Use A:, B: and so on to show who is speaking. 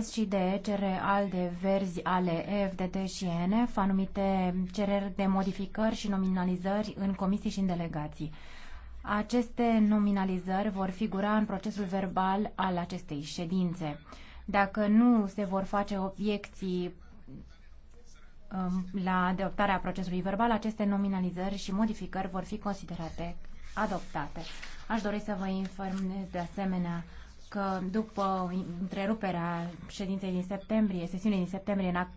A: S și DE cere de Verzi, ale EFDD și ENF anumite cereri de modificări și nominalizări în comisii și în delegații. Aceste nominalizări vor figura în procesul verbal al acestei ședințe. Dacă nu se vor face obiecții um, la adoptarea procesului verbal, aceste nominalizări și modificări vor fi considerate adoptate. Aș dori să vă informez de asemenea că după întreruperea
B: ședinței din septembrie, sesiunii din septembrie,